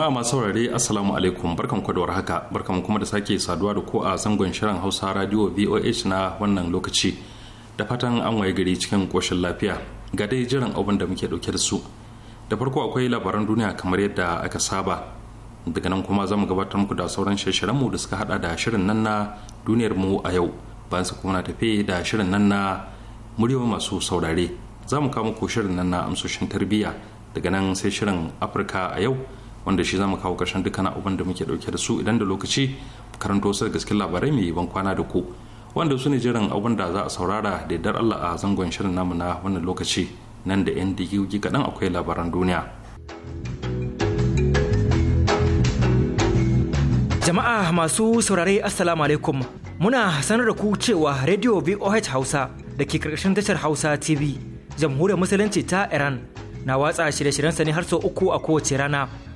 jama'a masu saurare assalamu alaikum barkan ku da warhaka barkan kuma da sake saduwa da ku a zangon shirin hausa radio voh na wannan lokaci da fatan an waye gari cikin koshin lafiya ga dai jiran abin da muke dauke da su da farko akwai labaran duniya kamar yadda aka saba daga nan kuma za mu gabatar muku da sauran shirye mu da suka hada da shirin nan na duniyar mu a yau bayan su kuma na tafi da shirin nan na muryoyi masu saurare za mu kawo muku shirin nan na amsoshin tarbiyya daga nan sai shirin afirka a yau wanda shi zamu kawo ƙarshen dukkan abin da muke dauke da su idan da lokaci karanto su da gaske labarai mai ban kwana da ku wanda su ne jiran abin da za a saurara da yardar Allah a zangon shirin namu na wannan lokaci nan da 'yan digigi kaɗan akwai labaran duniya. Jama'a masu saurare Assalamu alaikum muna sanar da ku cewa Radio VOH Hausa da ke karkashin tashar Hausa TV jamhuriyar musulunci ta Iran na watsa shirye-shiryensa ne har sau uku a kowace rana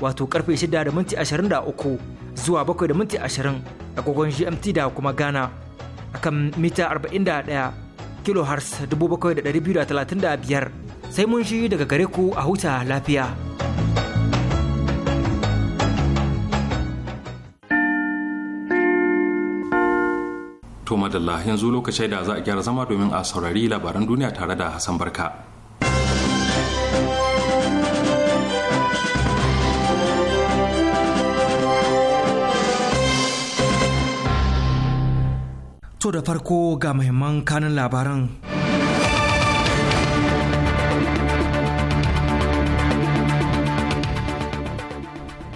wato karfe 6 da minti 23 zuwa 7 da minti 20 agogon GMT da kuma Ghana akan mita 41 kilohertz 7,235 sai mun shi daga gare ku a huta lafiya. To madalla yanzu lokacin da za a gyara zama domin a saurari labaran duniya tare da Hassan Barka. To da farko ga mahimman kanin labaran.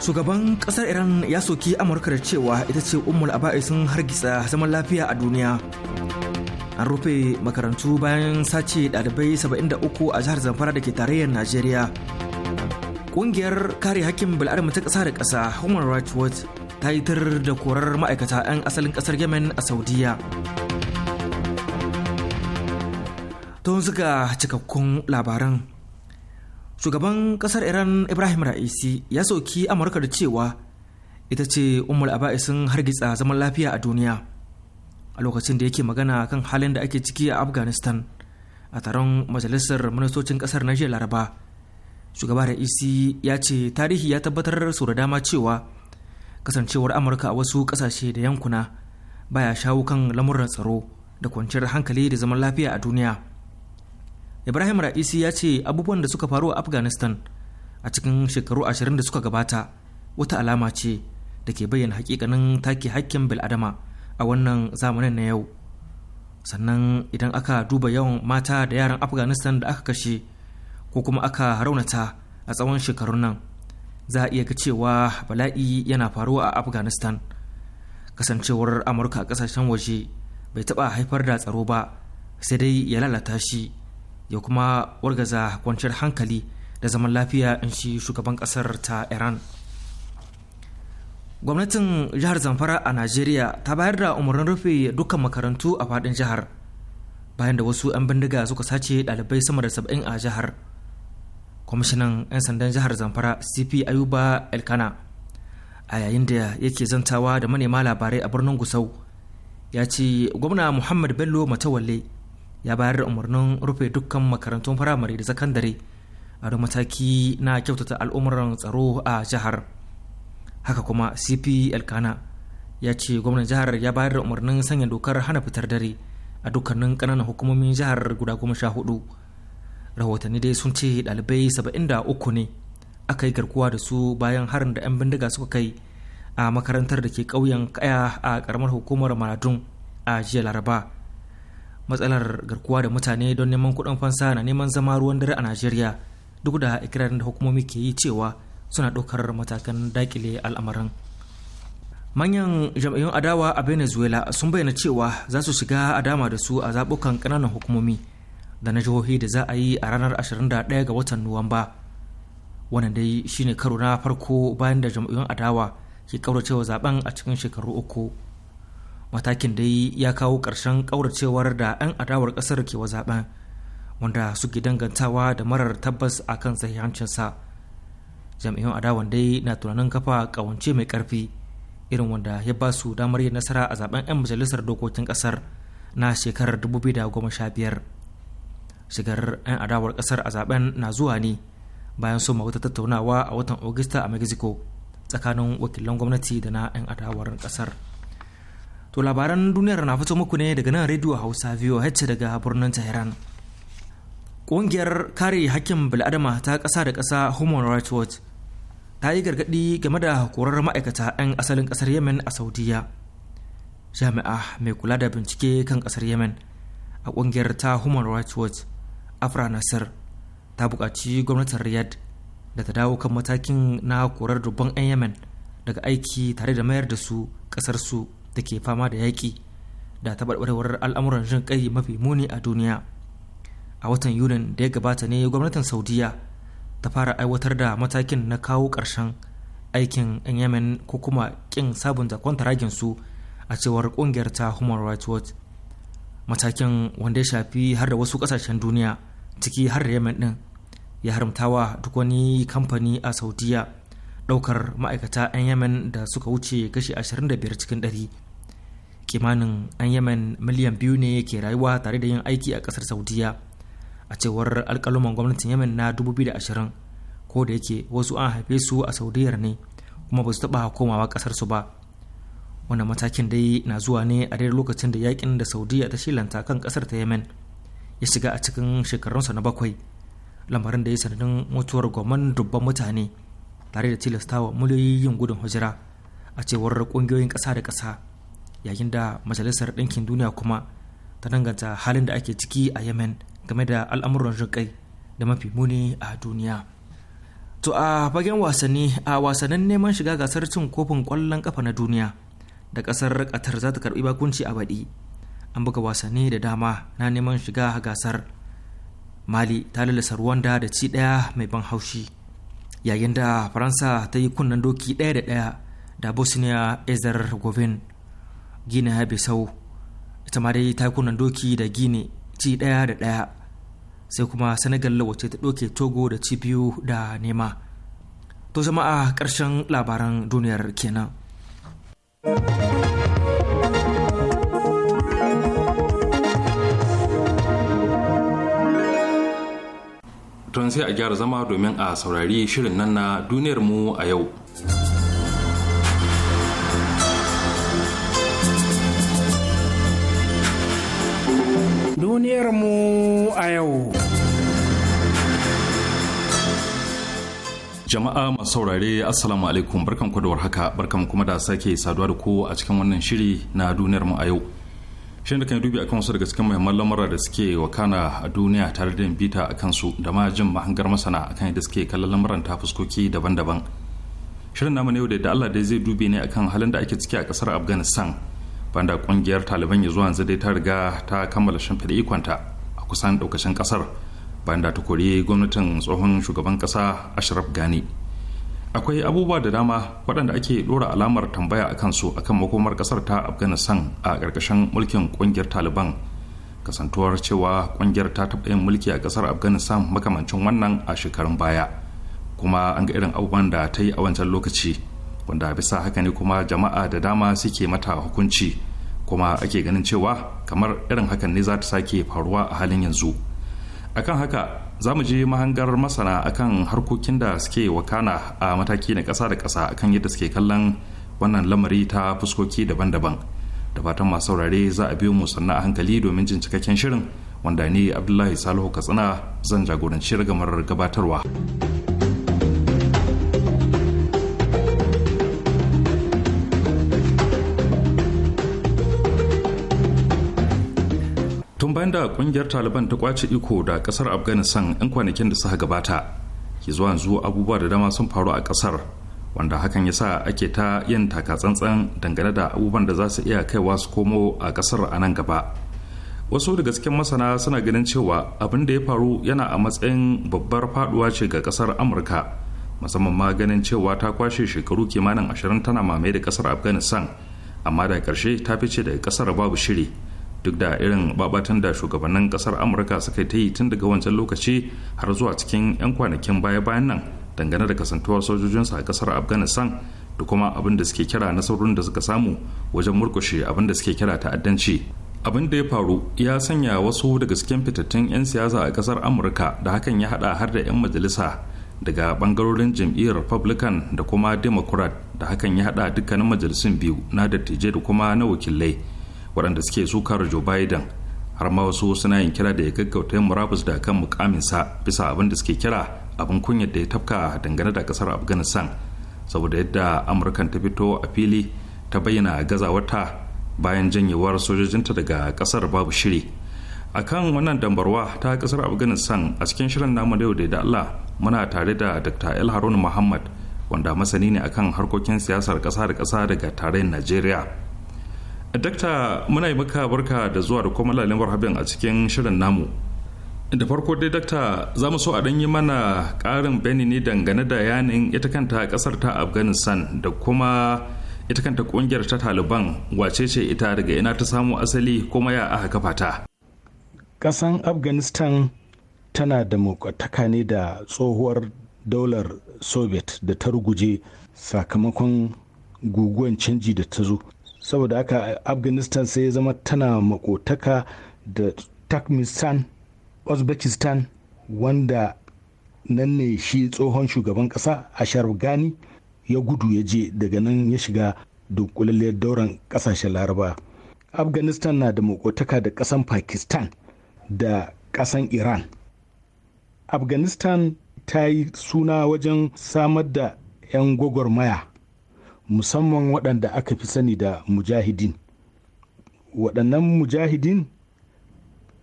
Shugaban ƙasar Iran ya soki Amurka da cewa ita ce ummul aba'i sun hargitsa zaman lafiya a duniya. An rufe makarantu bayan sace ɗalibai 73 a jihar Zamfara da ke tarayyar Najeriya. Ƙungiyar kare hakkin bil'adama ta ƙasa da ƙasa Human Rights Watch ta yi tir da korar ma'aikata 'yan asalin kasar yemen a saudiya tun suka cikakkun labaran shugaban kasar iran ibrahim ra'isi ya soki amurka da cewa ita ce umar aba'isin hargitsa zaman lafiya a duniya a lokacin da yake magana kan halin da ake ciki a afghanistan a taron majalisar ministocin kasar na laraba shugaba ra'isi ya ce tarihi ya tabbatar su da dama cewa kasancewar amurka a wasu kasashe da yankuna baya shawo kan lamuran tsaro da kwanciyar hankali da zaman lafiya a duniya ibrahim ra'isi ya ce abubuwan da suka faru a afghanistan a cikin shekaru ashirin da suka gabata wata alama ce da ke bayyana hakikanin take hakkin bil'adama a wannan zamanin na yau sannan idan aka duba yawan mata da yaran afghanistan da aka kashe ko kuma aka raunata a tsawon shekarun nan za a iya ga cewa bala'i yana faruwa a afghanistan kasancewar amurka a kasashen waje bai taɓa haifar da tsaro ba sai dai ya lalata shi ya kuma wargaza kwanciyar hankali da zaman lafiya in shi shugaban ƙasar ta iran gwamnatin jihar zamfara a najeriya ta bayar da umarnin rufe dukkan makarantu a faɗin jihar bayan da wasu 'yan bindiga suka sace ɗalibai sama da saba'in a jihar kwamishinan 'yan sandan jihar zamfara cp ayuba elkana a yayin da yake zantawa da manema labarai a birnin gusau ya ce gwamna muhammad bello matawalle ya bayar da umarnin rufe dukkan makarantun firamare da sakandare a mataki na kyautata al'umuran tsaro a jihar haka kuma cp elkana ya ce gwamnan jihar ya bayar da umarnin sanya dokar hana fitar dare a dukkanin kananan hukumomin jihar guda goma sha hudu rahotanni dai sun ce ɗalibai uku ne aka yi garkuwa da su bayan harin da 'yan bindiga suka kai a makarantar da ke ƙauyen kaya a ƙaramar hukumar maradun a jiya laraba matsalar garkuwa da mutane don neman kuɗin fansa na neman zama ruwan dare a najeriya duk da ikirarin da hukumomi ke yi cewa suna ɗaukar matakan dakile al'amarin manyan jam'iyyun adawa a venezuela sun bayyana cewa za su shiga a dama da su a zaɓukan ƙananan hukumomi da na jihohi da za a yi a ranar 21 ga watan nuwamba wannan dai shine karo na farko bayan da jam'iyyun adawa ke kauracewa zaben a cikin shekaru uku matakin dai ya kawo ƙarshen kauracewar da 'yan adawar ƙasar ke wa zaben wanda suke dangantawa da marar tabbas a kan sahihancinsa jam'iyyun adawan dai na tunanin kafa ƙawance mai ƙarfi irin wanda ya ba su damar yin nasara a zaben 'yan majalisar dokokin ƙasar na shekarar 2015 shigar 'yan adawar kasar a zaben na zuwa ne bayan soma wata tattaunawa a watan augusta a mexico tsakanin wakilan gwamnati da na 'yan adawar kasar to labaran duniyar na fito muku ne daga nan radio hausa voh daga birnin tehran ƙungiyar kare hakkin bil'adama ta ƙasa da ƙasa human rights watch ta yi gargaɗi game da korar ma'aikata 'yan asalin ƙasar yemen a saudiya jami'a mai kula da bincike kan ƙasar yemen a ƙungiyar ta human rights watch afra nasir ta buƙaci gwamnatin riyad da ta dawo kan matakin na korar dubban 'yan yemen daga aiki tare da mayar da su ƙasarsu da ke fama da yaƙi da taɓarɓarewar al'amuran jin ƙai mafi muni a duniya a watan yunin da ya gabata ne gwamnatin saudiya ta fara aiwatar da matakin na kawo ƙarshen aikin 'yan yemen ko kuma ƙin sabunta kwantaragin su a cewar ƙungiyar ta human rights watch matakin wanda ya shafi har da wasu ƙasashen duniya ciki har da yamen din ya haramtawa duk wani kamfani a saudiya daukar ma'aikata 'yan yamen da suka wuce kashi 25 cikin 100 kimanin 'yan yamen miliyan biyu ne ke rayuwa tare da yin aiki a kasar saudiya a cewar alkaluman gwamnatin yamen na 2020 ko da yake wasu an haife su a saudiyar ne kuma ba su taɓa komawa kasar su ba wannan matakin dai na zuwa ne a daidai lokacin da yakin da saudiya ta shilanta kan kasar ta yamen. ya shiga a cikin shekarunsa na bakwai lamarin da ya sanadin mutuwar goman dubban mutane tare da tilastawa muliyoyin gudun hijira a cewar kungiyoyin ƙasa da ƙasa yayin da majalisar ɗinkin duniya kuma ta danganta halin da ake ciki a yemen game da al'amuran jinƙai da mafi muni a duniya to a fagen wasanni a wasannin neman shiga gasar cin kofin ƙwallon ƙafa na duniya da ƙasar ƙatar za ta karɓi bakunci a baɗi an buga wasanni da dama na neman shiga gasar mali ta lalasa rwanda da ci daya mai ban haushi yayin da faransa ta yi kunnen doki daya da daya da bosnia herzegovin ya bisau ita ma dai ta yi kunnen doki da gini ci daya da daya sai kuma senegal wacce ta doke togo da ci biyu da nema to a karshen labaran duniyar kenan. sai a gyara zama domin a saurari shirin nan na duniyar mu a yau. Duniyar mu a yau. Jama'a masu saurare Assalamu alaikum barkan da haka barkan kuma da sake saduwa da ku a cikin wannan shiri na duniyar mu a yau. shin da kan dubi akan wasu daga cikin muhimman lamura da suke wakana a duniya tare da bita a kansu da ma jin mahangar masana akan yadda suke kallon lamuran ta fuskoki daban-daban shirin namu ne da Allah dai zai dubi ne akan halin da ake ciki a kasar Afghanistan banda kungiyar Taliban ya zuwa yanzu dai ta riga ta kammala shimfiɗa ikonta a kusan ɗaukacin kasar banda ta kori gwamnatin tsohon shugaban kasa Ashraf Ghani akwai abubuwa da dama waɗanda ake ɗora alamar tambaya a kansu a kan makomar ƙasar ta afghanistan a ƙarƙashin mulkin ƙungiyar taliban kasantuwar cewa ƙungiyar ta taɓa yin mulki a ƙasar afghanistan makamancin wannan a shekarun baya kuma an ga irin abubuwan da ta yi a wancan lokaci wanda bisa haka ne kuma jama'a da dama suke mata hukunci kuma ake ganin cewa kamar irin hakan ne za ta sake faruwa a halin yanzu akan haka za mu je mahangar masana akan harkokin da suke wakana a mataki na ƙasa da ƙasa akan yadda suke kallon wannan lamari ta fuskoki daban-daban da fatan masu saurare za a biyo mu sannan a hankali domin jin cikakken shirin wanda ni abdullahi salihu katsina zan jagoranci ragamar gabatarwa. tun bayan da kungiyar taliban ta kwace iko da kasar afghanistan 'yan kwanakin da suka gabata ke zuwa yanzu abubuwa da dama sun faru a kasar wanda hakan ya sa ake ta yin takatsantsan dangane da abubuwan da za su iya kaiwa su komo a kasar a nan gaba wasu daga cikin masana suna ganin cewa abin da ya faru yana a matsayin babbar faduwa ce ga kasar amurka musamman ma ganin cewa ta kwashe shekaru kimanin ashirin tana mamaye da kasar afghanistan amma da karshe ta fice daga kasar babu shiri duk da irin babatan da shugabannin kasar amurka suka ta yi tun daga wancan lokaci har zuwa cikin 'yan kwanakin baya-bayan nan dangane da kasantuwar sojojinsu a kasar afghanistan da kuma abin da suke kira nasarorin da suka samu wajen murkushe abin da suke kira ta'addanci abin da ya faru ya sanya wasu daga cikin fitattun 'yan siyasa a kasar amurka da hakan ya hada har da 'yan majalisa daga bangarorin jam'iyyar republican da kuma democrat da hakan ya hada dukkanin majalisun biyu na dattijai da kuma na wakilai waɗanda suke sukar joe biden har ma wasu suna yin kira da ya gaggauta yin murabus da kan mukaminsa bisa abin da suke kira abin kunyar da ya tafka dangane da kasar afghanistan saboda yadda amurkan ta fito a fili ta bayyana gazawata bayan janyewar sojojinta daga kasar babu shiri a kan wannan dambarwa ta kasar afghanistan a cikin shirin namu da yau da allah muna tare da dr el harun muhammad wanda masani ne akan harkokin siyasar kasa da kasa daga tarayyar najeriya dakta muna yi maka barka da zuwa da kuma lalin habin a cikin shirin namu da farko dai dakta za mu so a yi mana ƙarin bayani ne dangane da yanin ita kanta ƙasar ta afghanistan da kuma ita kanta ƙungiyar ta taliban wace ce ita daga ina ta samu asali kuma ya aka kafa ta ƙasan afghanistan tana da mokataka ne da tsohuwar daular soviet da ta ruguje sakamakon guguwan canji da ta zo saboda haka afghanistan sai ya zama tana makotaka da turkmenistan uzbekistan wanda nan ne shi tsohon shugaban kasa ashraf gani ya gudu ya je daga nan ya shiga dunkulalliyar dauran kasashen laraba afghanistan na da makotaka da kasan pakistan da kasan iran afghanistan ta yi suna wajen samar da 'yan gwagwarmaya musamman waɗanda aka fi sani da mujahidin waɗannan mujahidin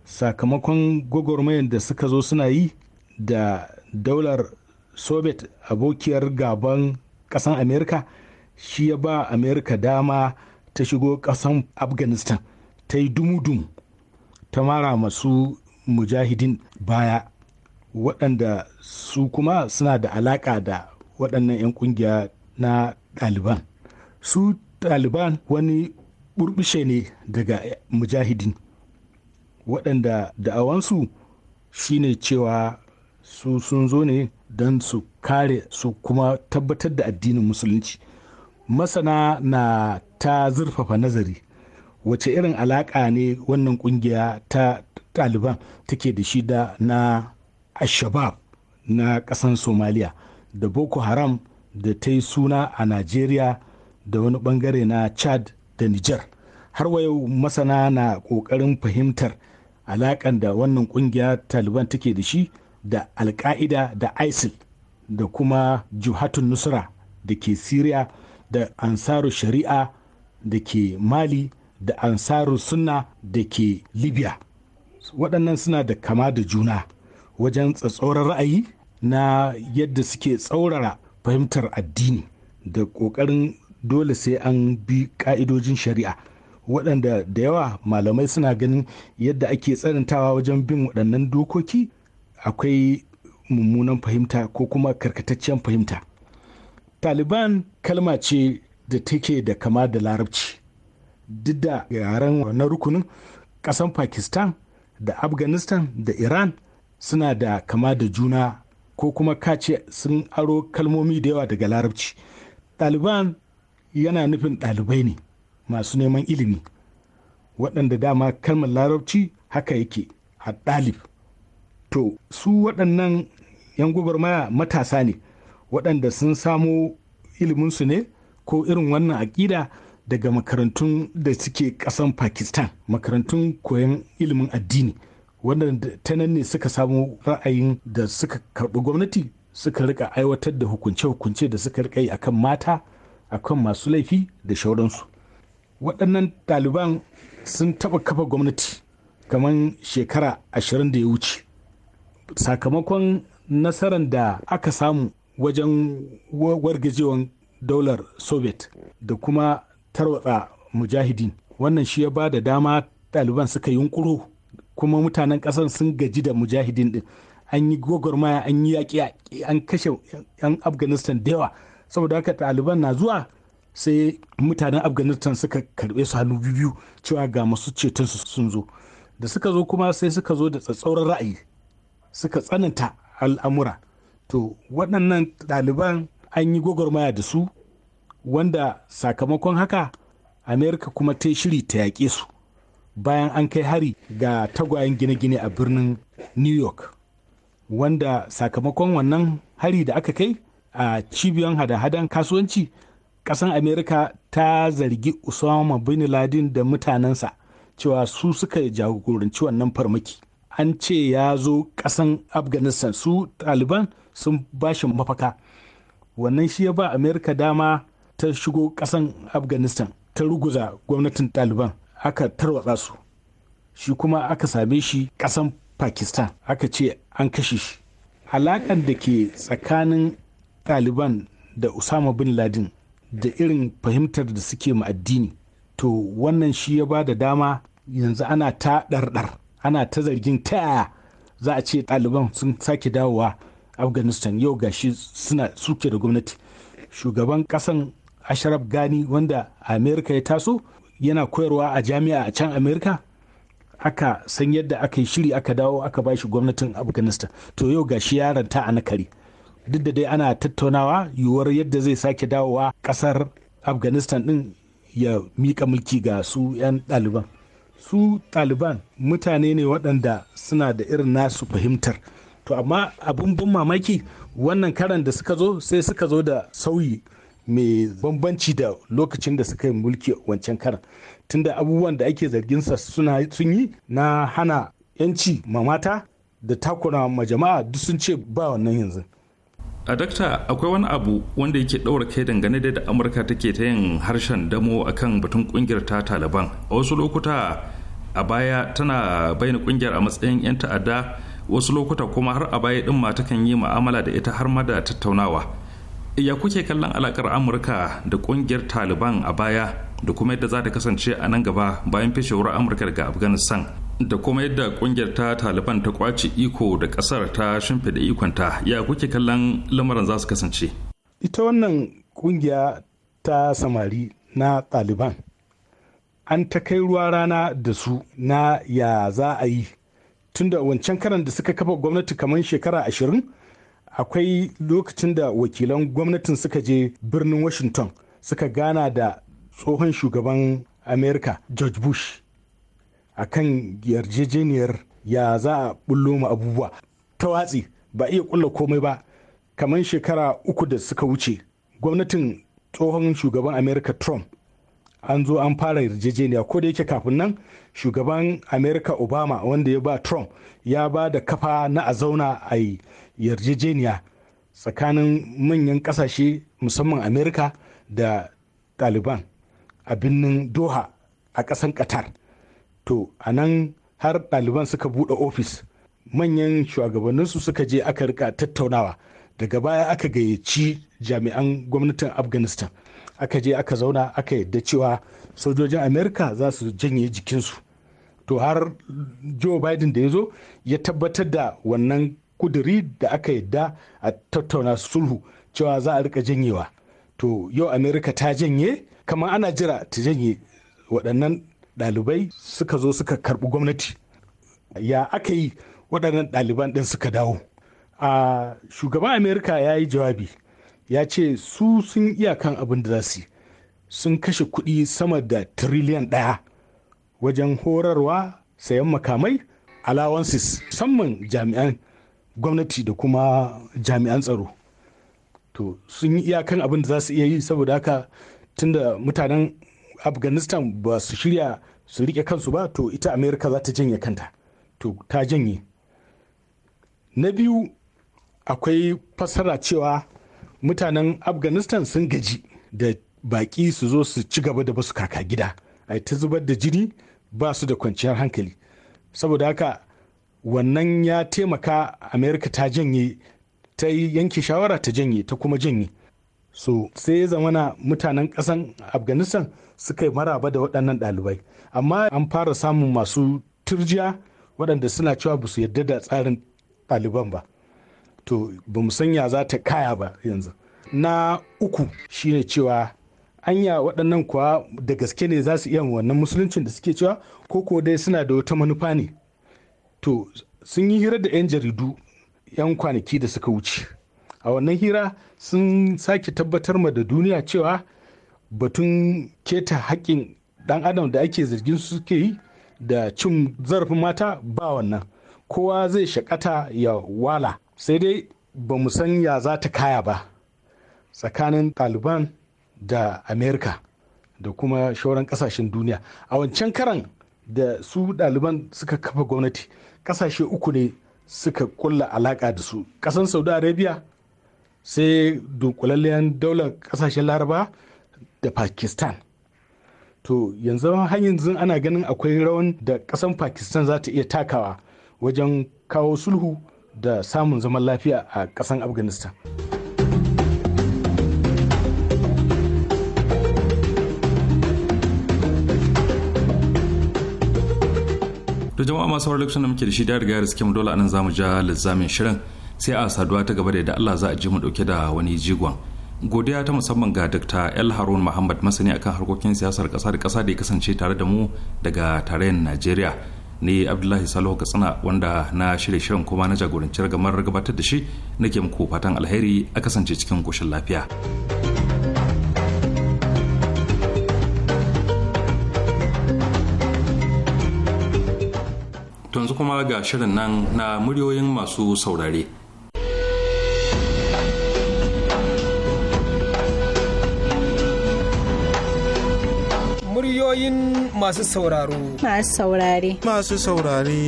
sakamakon gwagwarmayar da suka zo suna yi da daular soviet abokiyar gaban ƙasan amerika shi ya ba amerika dama ta shigo ƙasan afghanistan ta yi dumudum ta mara masu mujahidin baya waɗanda su kuma suna da alaƙa da waɗannan 'yan ƙungiya na ɗaliban su ɗaliban wani burbushe ne daga mujahidin waɗanda da'awansu shine cewa su sun zo ne don su kare su kuma tabbatar da addinin musulunci masana na ta zurfafa nazari wace irin alaƙa ne wannan ƙungiya ta ɗaliban take da shida na ashabab na ƙasan somaliya da boko haram da ta yi suna a Najeriya da wani bangare na Chad da Niger. Har wa yau masana na ƙoƙarin fahimtar alaƙan da wannan ƙungiya Taliban take da shi da Alƙa'ida da ISIL da kuma Juhatun Nusra da ke Siriya da Ansaru Shari'a da ke Mali da Ansaru Sunna da ke Libya. Waɗannan suna da kama da juna wajen tsatsauran ra'ayi na yadda suke tsaurara fahimtar addini da ƙoƙarin dole sai an bi ƙa'idojin shari'a waɗanda da yawa malamai suna ganin yadda ake tsanantawa wajen bin waɗannan dokoki akwai mummunan fahimta ko kuma karkataccen fahimta taliban kalma ce da take da kama da larabci duk da yaren na rukunin ƙasan pakistan da afghanistan da iran suna da kama da juna ko kuma kace sun aro kalmomi da yawa daga larabci ɗaliban yana nufin ɗalibai ne masu neman ilimi waɗanda dama kalmar larabci haka yake a ɗalib to su waɗannan 'yan gwagwarmaya matasa ne waɗanda sun samo iliminsu ne ko irin wannan aƙida daga makarantun da suke ƙasan pakistan makarantun koyon ilimin addini wannan ta nan ne suka samu ra'ayin da suka karɓi gwamnati suka rika aiwatar da hukunce-hukunce da suka rika yi akan mata akan masu laifi da shauransu waɗannan ɗaliban sun taɓa kafa gwamnati kamar shekara ashirin da ya wuce sakamakon nasarar da aka samu wajen wargajewan daular soviet da kuma tarwatsa mujahidin wannan shi ya ba da dama ɗaliban suka yunkuro kuma mutanen ƙasar sun gaji da mujahidin din an yi gwagwarmaya an yi yaƙi an kashe yan afghanistan da yawa saboda haka taliban na zuwa sai mutanen afghanistan suka karbe su hannu biyu cewa ga masu ceton su sun zo da suka zo kuma sai suka zo da tsatsauran ra'ayi suka tsananta al'amura to waɗannan ɗaliban an yi gwagwarmaya da su wanda sakamakon haka amerika kuma ta shiri ta yaƙe su bayan an kai hari ga tagwayen gine-gine a birnin new york wanda sakamakon wannan hari da aka kai a cibiyar hada-hadan kasuwanci kasan america ta zargi usama bin ladin da mutanensa cewa su suka jagoranci wannan farmaki an ce ya zo kasan afghanistan su taliban sun bashi mafaka wannan shi ya ba amerika dama ta shigo kasan afghanistan ta ruguza gwamnatin taliban aka tarwatsa su shi kuma aka same shi ƙasan pakistan aka ce an kashe shi alaƙar da ke tsakanin ɗaliban da usama bin ladin da irin fahimtar da suke ma addini to wannan shi ya ba da dama yanzu ana ta ɗarɗar ana ta zargin ta yaya za a ce ɗaliban sun sake dawowa afghanistan yau gashi suna suke da gwamnati shugaban ƙasan ashraf gani wanda amerika ya taso yana koyarwa a jami'a a can amerika aka san yadda aka yi shiri aka dawo aka ba shi gwamnatin afghanistan to yau gashi yaranta a na kari duk da dai ana tattaunawa yiwuwar yadda zai sake dawowa kasar afghanistan din ya mika mulki ga su 'yan ɗaliban su ɗaliban mutane ne waɗanda suna da irin nasu fahimtar to amma abin bin mamaki wannan karan da suka zo sai suka zo da sauyi mai bambanci da lokacin da suka yi mulki wancan karan tunda abubuwan da ake zargin sa suna sun yi na hana yanci ma mata da takura ma jama'a duk sun ce ba wannan yanzu a dakta akwai wani abu wanda yake daura kai dangane da amurka take ta yin harshen damo akan batun kungiyar ta taliban a wasu lokuta a baya tana bayyana kungiyar a matsayin 'yan ta'adda wasu lokuta kuma har a baya din ma takan yi mu'amala da ita har ma da tattaunawa ya kuke kallon alakar amurka da kungiyar taliban a baya da kuma yadda za ta kasance a nan gaba bayan fashewar amurka daga afghanistan da kuma yadda kungiyar ta taliban ta kwace iko da kasar ta shimfida ikonta ya kuke kallon lamarin za su kasance ita wannan kungiya ta samari na taliban an ta kai ruwa rana da su na ya za a yi tunda wancan karan da suka kafa gwamnati kamar shekara ashirin akwai lokacin da wakilan gwamnatin suka je birnin washington suka gana da tsohon shugaban america george bush a kan yarjejeniyar ya za a bullo mu abubuwa ta watsi ba iya kulla komai ba kamar shekara uku da suka wuce gwamnatin tsohon shugaban america trump an zo an fara yarjejeniya ko da yake kafin nan shugaban america obama wanda ya ba trump ya ba da kafa na a zauna a yi yarjejeniya tsakanin manyan kasashe musamman amerika da taliban a birnin doha a ƙasan qatar to a nan har ɗaliban suka buɗe ofis manyan shugabanninsu suka je aka rika tattaunawa daga baya aka gayyaci jami'an gwamnatin afghanistan aka je aka zauna aka yadda cewa sojojin amerika za su janye jikinsu to har joe biden da ya zo ya tabbatar da wannan kuduri da aka yadda a tattauna sulhu cewa za a rika janyewa to yau amerika ta janye kamar ana jira ta janye waɗannan ɗalibai suka zo suka karɓi gwamnati ya aka yi waɗannan ɗaliban ɗin suka dawo a shugaban amerika ya yi jawabi ya ce su sun iyakan abin da za su yi sun kashe kuɗi sama da tiriliyan ɗaya wajen horarwa sayan makamai allowances musamman jami'an gwamnati da kuma jami'an tsaro to sun yi iyakan abin da za su iya yi saboda haka tunda mutanen afghanistan ba su shirya su rike kansu ba to ita amerika za ta janye kanta to ta janye na biyu akwai fassara cewa mutanen afghanistan sun gaji da baƙi su zo su ci gaba da basu kaka gida a ta zubar da jini ba su da kwanciyar hankali saboda haka wannan ya taimaka amerika ta janye ta yanke shawara ta janye ta kuma janye so sai ya zamana mutanen kasan afghanistan suka yi maraba da waɗannan ɗalibai amma an fara samun masu turjiya waɗanda suna cewa ba su yarda da tsarin ɗaliban ba to ba mu sanya za ta kaya ba yanzu na uku shine cewa anya waɗannan kuwa da gaske ne za su iya wannan musuluncin da suke cewa ko ko dai suna da wata manufa ne to sun yi hira da 'yan jaridu 'yan kwanaki da suka wuce a wannan hira sun sake tabbatar ma da duniya cewa batun keta haƙƙin ɗan adam da ake zargin suke yi da cin zarafin mata ba wannan kowa zai shakata ya wala sai dai ba mu san ya za ta kaya ba tsakanin ɗaliban da amerika da kuma shauran ƙasashen duniya a wancan karan da su ɗaliban suka kafa gwamnati kasashe uku ne suka kulla alaka da su kasan saudi arabia sai dunkulalliyar daular kasashen laraba da pakistan to yanzu hanyar ana ganin akwai rawan da kasan pakistan za ta iya takawa wajen kawo sulhu da samun zaman lafiya a kasan afghanistan da jama'a masu wani lokacin da muke da shi da riga suke mu dole anan zamu ja lizamin shirin sai a saduwa ta gaba da yadda Allah za a ji mu dauke da wani jigon godiya ta musamman ga Dr. El Harun Muhammad masani akan harkokin siyasar kasa da kasa da ya kasance tare da mu daga tarayyar Najeriya ni Abdullahi Salihu Katsina wanda na shirya shirin kuma na jagoranci gamar gabatar da shi nake muku fatan alheri a kasance cikin koshin lafiya. kuma ga shirin nan na muryoyin masu saurare. Muryoyin masu sauraro. Masu saurare. Masu saurare.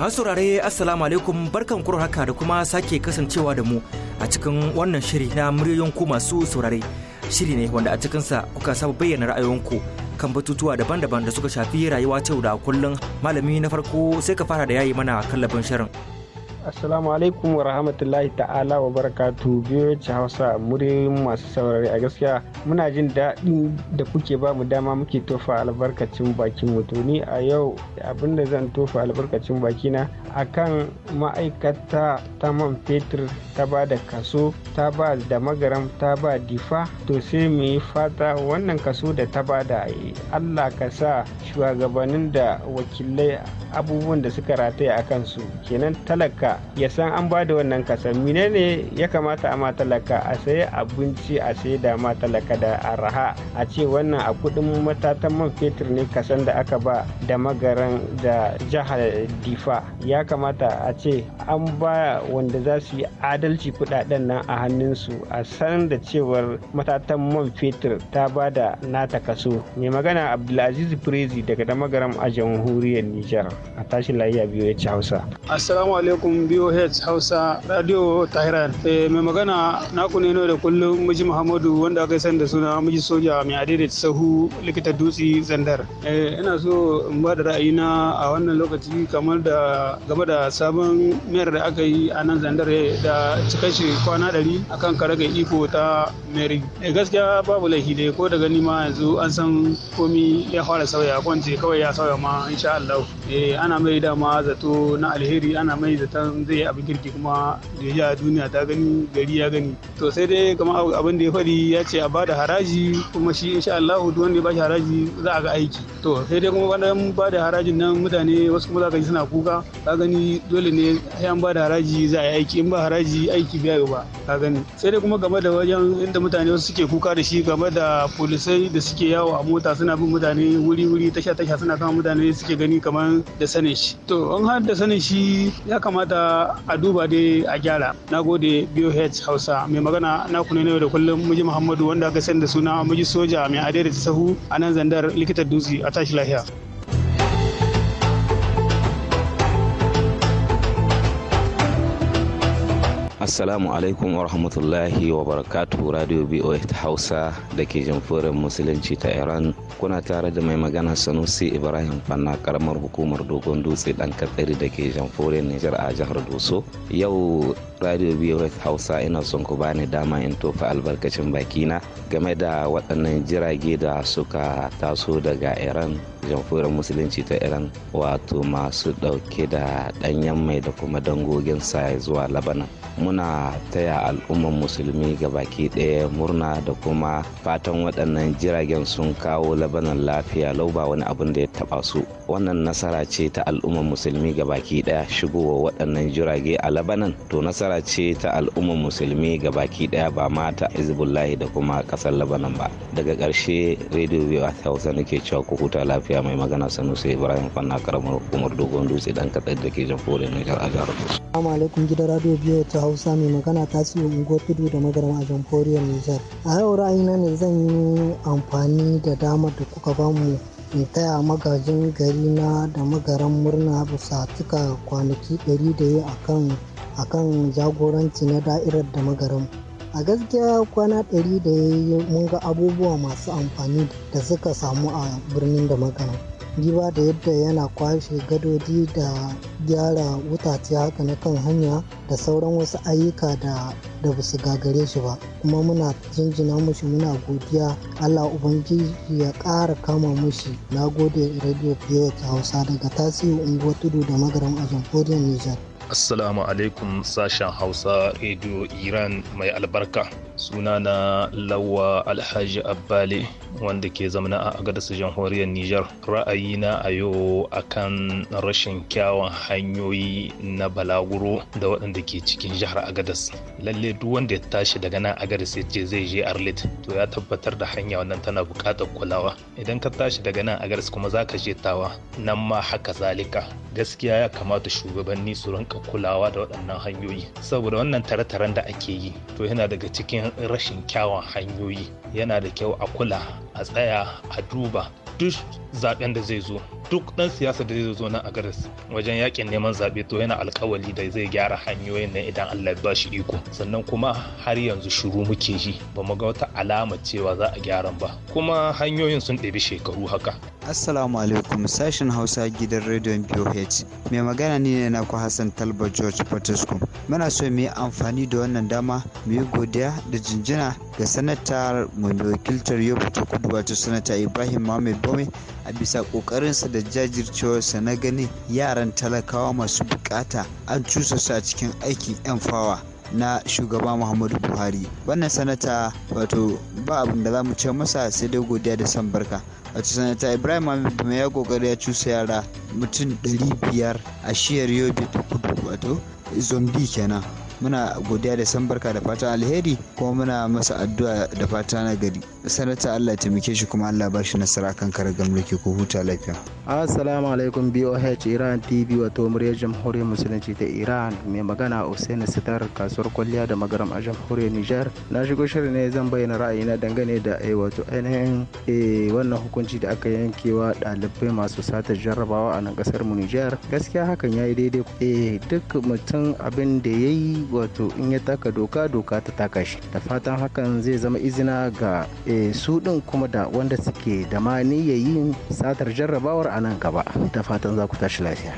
masu saurare assalamu alaikum barkan kuro haka da kuma sake kasancewa da mu a cikin wannan shiri na muryoyin ku masu saurare shiri ne wanda a cikinsa kuka saba bayyana ra'ayoyinku kan batutuwa daban-daban da suka shafi rayuwa ta da kullum malami na farko sai ka fara da yayi mana kallafin shirin Assalamu alaikum wa rahmatullahi ta'ala wa barakatu biyoci Hausa murin masu saurari a gaskiya muna jin daɗin da kuke ba mu dama muke tofa albarkacin baki mutumi ni a yau abinda zan tofa albarkacin baki bakina akan ma'aikata ta man fetur ta ba da kaso ta ba da magaram ta ba difa to sai mu yi fata wannan kaso da ta ba da Allah ka sa shugabannin da wakilai abubuwan da suka rataya a kansu kenan talaka talaka ya san an ba da wannan kasan menene ya kamata a ma talaka a sayi abinci a sayi da matalaka da araha a ce wannan a kudin matatan man fetur ne kasan da aka ba da magaran da jihar difa ya kamata a ce an ba wanda za su yi adalci kudaden nan a hannunsu a san da cewar matatan man fetur ta ba da nata kaso mai magana abdulaziz prezi daga damagaram a jamhuriyar nijar a tashi lafiya biyu ya ci hausa assalamu alaikum nan BOH Hausa Radio Tahiran. Eh, mai magana naku ne da kullum miji Muhammadu wanda aka san da suna miji soja mai adaidaita sahu likita dutse zandar. Eh, ina so in ba da ra'ayina a wannan lokaci kamar da game da sabon mayar da aka yi a nan zandar eh, da cika shi kwana ɗari akan karaga iko ta mary gaskiya babu laifi dai ko daga nima yanzu an san komi ya fara sauya kwance kawai ya sauya ma insha Allah Eh, ana mai dama zato na alheri ana mai zaton zai abin kirki kuma da duniya ta gani gari ya gani to sai dai kama abin da ya fari ya ce a bada haraji kuma shi insha Allah duk wanda ya bashi haraji za a ga aiki to sai dai kuma wannan bada harajin nan mutane wasu kuma za ka ji suna kuka ka gani dole ne sai an bada haraji za a yi aiki in ba haraji aiki biya ba ka gani sai dai kuma game da wajen inda mutane wasu suke kuka da shi game da polisai da suke yawo a mota suna bin mutane wuri wuri tasha tasha suna kama mutane suke gani kamar da sanin shi to an har da sanin shi ya kamata a duba dai a gyara na gode boh hausa mai magana na kuna yau da kullum muji muhammadu wanda aka sani da suna muji soja mai ta sahu a nan zandar likitan dutse a tashi lahiya assalamu alaikum wa rahmatullahi wa barakatuhu radio boa hausa da ke jamfurin musulunci ta iran kuna tare da mai magana sanusi ibrahim fanna karamar hukumar dogon dutse dan katsari da ke jamfurin nijar a jihar doso yau radio boa hausa ina son ku bani dama in tofa albarkacin bakina game da waɗannan jirage da suka taso daga iran jamfuran musulunci ta iran wato masu ɗauke da ɗanyen mai da kuma dangogin sa zuwa labanan muna taya al'ummar musulmi ga baki ɗaya murna da kuma fatan waɗannan jiragen sun kawo labanan lafiya lau ba wani abin da ya taɓa su wannan nasara ce ta al'ummar musulmi ga baki ɗaya shigowa waɗannan jirage a labanan to nasara ce ta al'ummar musulmi ga baki ɗaya ba ma ta izbullahi da kuma ƙasar labanan ba daga ƙarshe radio hausa nake cewa ku huta lafiya mai magana sanusi ibrahim fanna karamar hukumar dogon dutse dan kadai da ke jamhuriyar nijar a jihar bauchi assalamu alaikum gidan radio biyu ta hausa mai magana ta ce ungo tudu da magaran a jamhuriyar nijar a yau ra'ayina ne zan yi amfani da dama da kuka bamu in taya magajin gari na da magaran murna bisa cika kwanaki 100 da yi kan jagoranci na da'irar da magaran a gaskiya kwana ɗari da ya yi mun ga abubuwa masu amfani da suka samu a birnin da magana giba da yadda yana kwashe gadodi da gyara wutace haka na kan hanya da sauran wasu ayyuka da da su gagare shi ba kuma muna jinjina mushi muna godiya allah ubangiji ya ƙara kama mushi na gode radio ph hausa daga tasiri unguwar tudu da magaram a jamhuriyar nijar Assalamu alaikum sashen Hausa Radio Iran mai albarka. Suna na Lawa Alhaji Abbali wanda ke zamana a agadasa jamhuriyar Nijar. Ra'ayina a yau akan rashin kyawun hanyoyi na balaguro da waɗanda ke cikin jihar Agadas. Lalle duk wanda ya tashi daga nan Agadas ya ce zai je Arlit to ya tabbatar da hanya wannan tana buƙatar kulawa. Idan ka tashi daga nan Agadas kuma za ka je Tawa nan ma haka zalika. Gaskiya ya kamata shugabanni su rinka kulawa da waɗannan hanyoyi saboda wannan tare-taren da ake yi to yana daga cikin rashin kyawun hanyoyi yana da kyau a kula a tsaya a duba duk zaben da zai zo duk ɗan siyasa da zai zo nan a garis wajen yakin neman zaɓe to yana alkawali da zai gyara hanyoyin nan idan Allah ya ba shi iko sannan kuma har yanzu shiru muke yi ba mu ga wata alama cewa za a gyaran ba kuma hanyoyin sun ɗebi shekaru haka Assalamu alaikum sashen Hausa gidan rediyon BOH. Mai magana ni ne naku Hassan Talba George Fortescue. Muna so mu yi amfani da wannan dama mu yi godiya da jinjina ga sanatar mai wakiltar Yobe ta Kudu wato sanata Ibrahim Mohammed Bome a bisa kokarinsa da jajircewarsa na ganin yaran talakawa masu bukata an cusa su a cikin aikin 'yan fawa. na shugaba muhammadu buhari wannan sanata wato ba abin da za mu ce masa sai dai godiya da san barka wato sanata ibrahim ahmed mai ya kokari ya cusa yara mutum biyar a shiyar yobe ta kudu wato zombi kenan muna godiya da san barka da fatan alheri kuma muna masa addu'a da fata na gari sanata Allah ta taimake shi kuma Allah bashi nasara kan kare gamlaki ko huta lafiya assalamu alaikum BOH Iran TV wato muryar jamhuriyar musulunci ta Iran mai magana Hussein Sitar kasuwar kwalliya da magaram a jamhuriyar Nijar na shigo shirin ne zan bayyana ra'ayi na dangane da a eh, wato ainihin eh wannan hukunci da aka yankewa ɗalibai masu sata jarrabawa a nan kasar mu Nijar gaskiya hakan ya yi daidai eh duk mutum abin da yi. wato in ya taka doka doka ta taka shi da fatan hakan zai zama izina ga eh, su din kuma da wanda suke da ma yin satar jarrabawar a nan gaba da fatan za ku tashi lafiya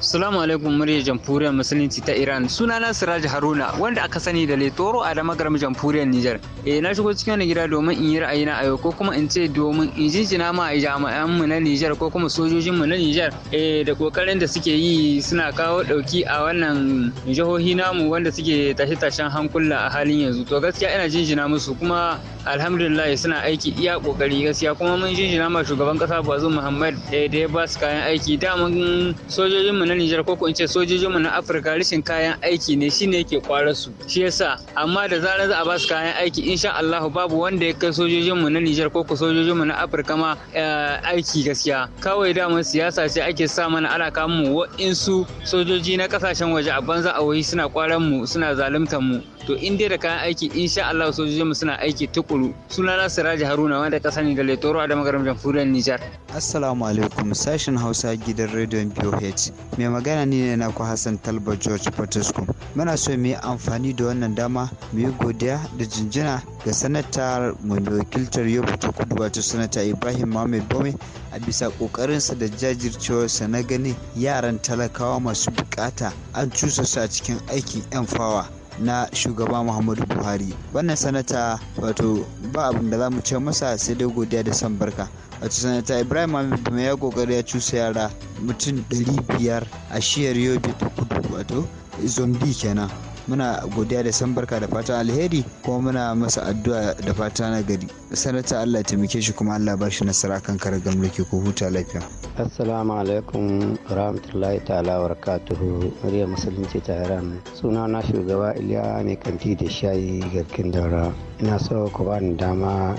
Salamu alaikum muryar jamhuriyar musulunci ta Iran. Sunana Siraj Haruna wanda aka sani da Letoro a garin jamhuriyar Nijar. Eh na shigo cikin wani gida domin in yi ra'ayina a yau ko kuma in ce domin in jinjina ma a jami'an mu na Nijar ko kuma sojojin mu na Nijar eh da kokarin da suke yi suna kawo dauki a wannan jihohi namu wanda suke tashe-tashen hankula a halin yanzu. To gaskiya ina jinjina musu kuma alhamdulillah suna aiki iya kokari gaskiya kuma mun jinjina ma shugaban kasa bazu muhammad da ya ba su kayan aiki Da mun sojojin mu na nijar ko in ce sojojin mu na afirka rashin kayan aiki ne shine yake kwarar su shi yasa amma da zarar za a ba su kayan aiki insha allah babu wanda ya kai sojojin mu na nijar ko sojojin mu na afirka ma eh, aiki gaskiya kawai da mun siyasa sai ake sa mana ana kawo mu wa'insu sojoji na kasashen waje a banza a wai suna kwaran mu suna zaluntar mu to in dai da kayan aiki insha allah sojojin mu suna aiki tuk Zakuru sunana Siraji Haruna wanda ka sani da Letoro a damagaram jamhuriyar Nijar. Assalamu alaikum sashen Hausa gidan rediyon BOH. Mai magana ni ne na ku Hassan Talba George Fortescue. Muna so mu yi amfani da wannan dama mu yi godiya da jinjina ga sanatar mai wakiltar Yobe ta Kudu wato sanata Ibrahim Mohammed Bome a bisa kokarinsa da jajircewarsa na ganin yaran talakawa masu bukata an cusa su a cikin aikin 'yan fawa. na shugaba muhammadu buhari wannan sanata wato ba abin da za mu ce masa sai dai godiya da san barka wato sanata ibrahim ahmed mai ya kokari ya cusa yara mutum biyar a shiyar yobe ta kudu wato zombi kenan muna godiya da san barka da fatan alheri kuma muna masa addu'a da fata na gari sanata Allah taimake shi kuma Allah ba shi nasara kan karagar mulki ko huta lafiya assalamu alaikum rahmatullahi ta'ala barakatuhu muryar musulunci ta iran suna na shugaba iliya mai kanti da shayi garkin daura ina so ku ba ni dama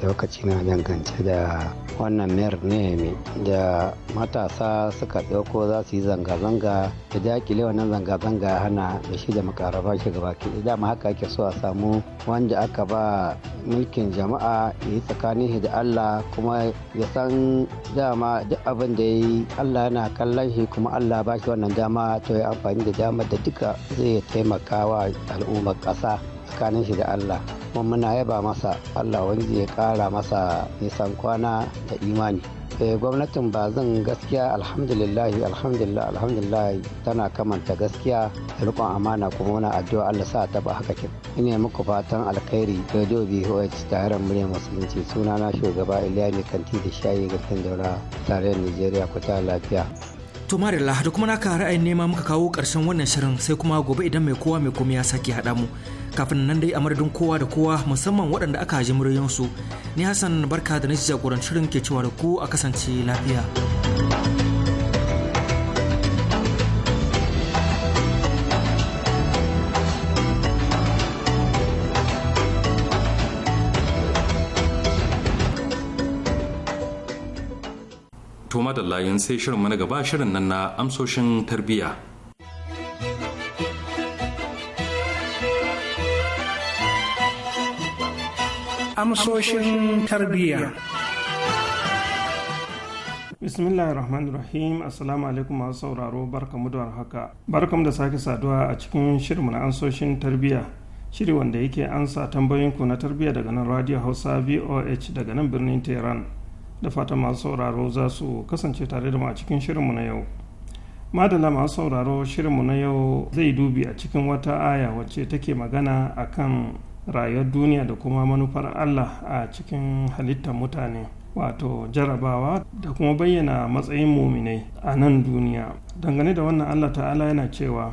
lokaci na dangance da wannan mayar ne da matasa suka ɗauko za su yi zanga-zanga da dakile wannan zanga-zanga hana da shi da makaraba shi gaba ki dama haka ake so a samu wanda aka ba mulkin jama'a yi tsakanin da Allah kuma ya san dama duk abin da ya yi Allah yana kallon shi kuma Allah ba shi wannan dama to ya amfani da dama da duka zai taimaka wa al'ummar ƙasa tsakanin shi da Allah kuma muna yaba masa Allah wanda ya kara masa nisan kwana da imani eh, gwamnatin zan gaskiya alhamdulillahi alhamdulillah alhamdulillah tana kamanta gaskiya da rikon amana kuma muna addu'a Allah sa ta ba haka kin ina muku fatan alkhairi dobi hoye tsayaran murya musulunci suna na shugaba Iliya ne kanti da shayi kan daura tare da Nigeria ku ta lafiya to marilla da kuma naka ra'ayin nema muka kawo karshen wannan shirin sai kuma gobe idan mai kowa mai komai ya sake haɗa mu kafin nan dai a madadin kowa da kowa musamman waɗanda aka ji muryoyinsu ni hassan barka da nishi jagorancin ke cewa da ku a kasance lafiya to layin sai shirin na gaba shirin nan na amsoshin tarbiyya amsoshin tarbiyya. bismillahir rahman rahim assalamu alaikum masu sauraro barkamu da haka barkamu da sake saduwa a cikin shirinmu na amsoshin tarbiyya shiri wanda yake ansa tambayoyinku na tarbiyya daga nan radio hausa voh daga nan birnin tehran da fata masu sauraro za su kasance tare da mu a cikin shirinmu na yau madala masu sauraro shirinmu na yau zai dubi a cikin wata aya wacce take magana akan rayuwar duniya da kuma manufar allah a cikin halittar mutane wato jarabawa da kuma bayyana matsayin muminai a nan duniya dangane da wannan allah ta'ala yana cewa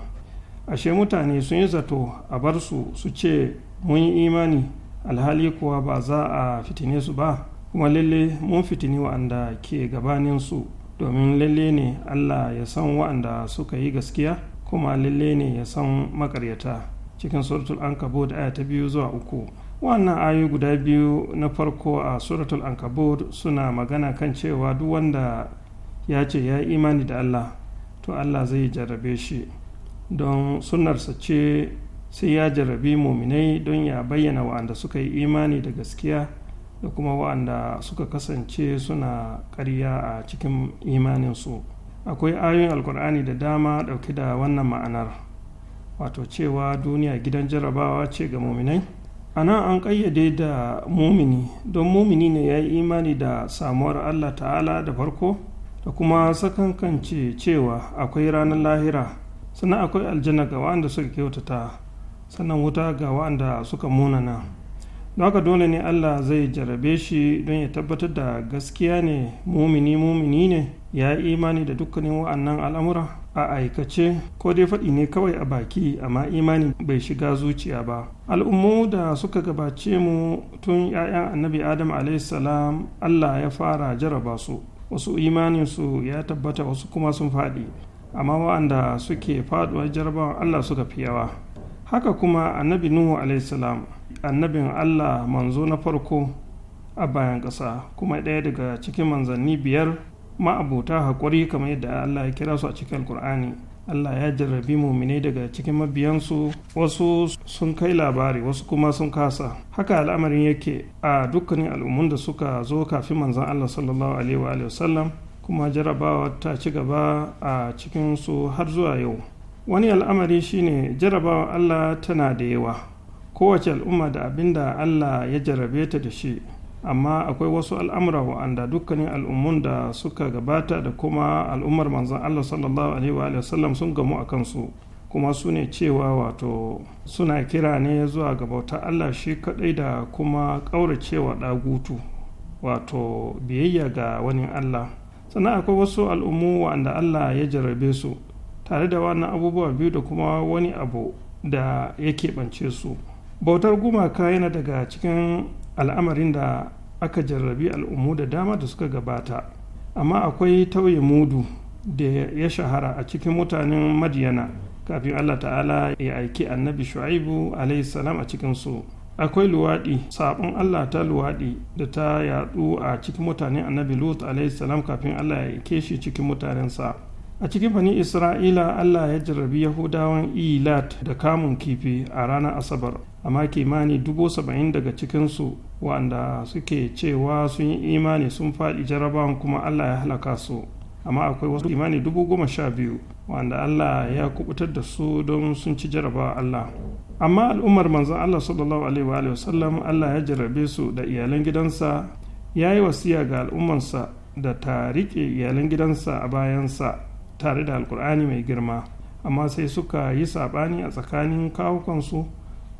ashe mutane sun yi zato a bar su su ce mun yi imani alhali kuwa ba za a fitine su ba kuma lalle mun fitini wa'anda ke gabanin su domin lalle ne allah ya san wa'anda suka yi gaskiya kuma lalle ne ya san makaryata cikin suratul ankabod aya ta biyu zuwa uku wannan ayoyi guda biyu na farko a suratul ankabut suna magana kan cewa duk wanda ya ce ya yi imani da allah to allah zai jarrabe shi don sunarsa ce sai ya jarrabi muminai don ya bayyana wa'anda suka yi imani da gaskiya da kuma wa'anda suka kasance suna karya a cikin imaninsu akwai ayoyin alkur'ani da dama ɗauke da wannan ma'anar wato cewa duniya gidan jarabawa ce ga muminai a nan an ƙayyade da mumini don mumini ne ya yi imani da samuwar allah ta'ala da farko da kuma sakankance cewa akwai ranar lahira sannan akwai aljanna ga waɗanda suka kyautata sannan wuta ga wa'anda suka munana don haka dole ne allah zai jarabe shi don ya tabbatar da gaskiya ne mumini mumini ne ya yi imani da dukkanin wa'annan al'amura a aikace ko dai faɗi ne kawai a baki amma imani bai shiga zuciya ba al'ummu da suka gabace mu tun 'ya'yan annabi adam salam allah ya fara jaraba su wasu imaninsu ya tabbata wasu kuma sun faɗi amma wa'anda suke faɗuwar jarabawan allah suka fi yawa haka kuma annabi nuhu salam annabin allah manzo na farko a bayan ƙasa kuma ɗaya daga cikin manzanni biyar ma'abuta haƙuri kamar yadda Allah ya kira su a cikin alkur'ani Allah ya jarrabi muminai daga cikin mabiyansu wasu sun kai labari wasu kuma sun kasa haka al'amarin yake a dukkanin al'ummun da suka zo kafin manzan Allah sallallahu alaihi wa kuma jarabawa ta ci gaba a cikin su har zuwa yau wani al'amari shine jarabawa Allah tana da yawa kowace al'umma da abin da Allah ya jarrabe ta da shi amma akwai wasu al'amura wa'anda dukkanin al'ummun da suka gabata da kuma al'ummar manzan Allah sallallahu alaihi wa sallam sun gamu a kansu kuma su ne cewa wato suna kira ne zuwa ga bauta Allah shi kadai da kuma ƙauracewa ɗagutu wato biyayya ga wani Allah sannan akwai wasu al'ummu wa'anda Allah ya jarrabe su tare da wannan abubuwa biyu da kuma wani abu da ya keɓance su bautar gumaka yana daga cikin al'amarin da aka jarrabi al'ummu da dama da suka gabata amma akwai tauye mudu da ya shahara a cikin mutanen madiyana kafin allah ta'ala ya aiki annabi shu'aibu salam a cikinsu akwai luwaɗi saɓon allah ta luwaɗi da ta yaɗu a cikin mutanen annabi lut salam kafin allah ya aike shi cikin mutanensa a cikin fani isra'ila allah ya jarrabi yahudawan ilat da kamun kifi a ranar asabar amma kimani dubu saba'in daga cikinsu wanda suke cewa sun yi imani sun faɗi jarabawan kuma allah ya halaka su amma akwai wasu imani dubu goma sha biyu wanda allah ya kubutar da su don sun ci jarabawa allah amma al'ummar manzon allah sallallahu alaihi wa sallam allah ya jarabe su da iyalan gidansa ya yi wasiya ga al'ummansa da ta riƙe iyalan gidansa a bayansa tare da alkur'ani mai girma amma sai suka yi saɓani a tsakanin kawukansu